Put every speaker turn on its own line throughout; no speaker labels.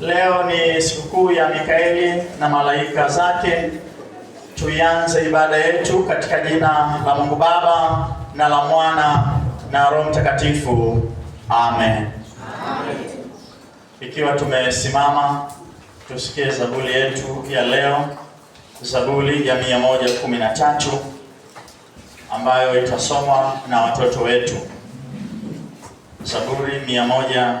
leo ni sikukuu ya Mikaeli na malaika zake. Tuianze ibada yetu katika jina la Mungu Baba na la Mwana na Roho Mtakatifu. Amen, amen. Ikiwa tumesimama tusikie zaburi yetu ya leo, Zaburi ya 113 ambayo itasomwa na watoto wetu. Zaburi 110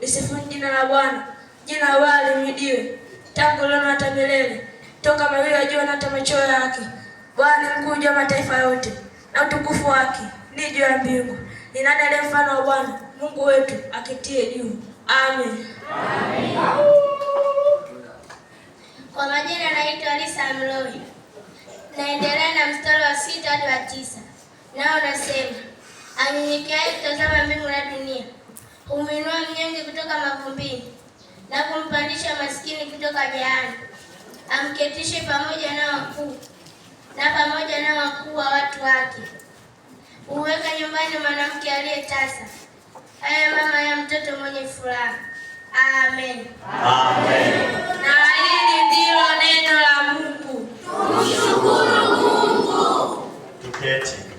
Lisifuni jina la Bwana, jina la Bwana lihimidiwe tangu leo na hata milele, toka mawio ya jua na hata machweo yake. Bwana mkuu juu ya mataifa yote, na utukufu wake ni juu ya mbingu. Ni nani aliye mfano wa Bwana Mungu wetu akitie juu? Amen. Amen.
Kwa majina naitwa Lisa Mloi, naendelea na mstari wa sita hadi wa tisa, nao nasema anyenyekeaye kutazama mbingu na dunia kumwinua mnyonge kutoka mavumbini na kumpandisha maskini kutoka jehanamu, amketishe pamoja na wakuu na pamoja na wakuu wa watu wake. Huweka nyumbani mwanamke aliyetasa, Haya mama ya mtoto mwenye furaha. Amen, amen. Na hili ndilo neno la Mungu.
Tumshukuru Mungu.
Tuketi.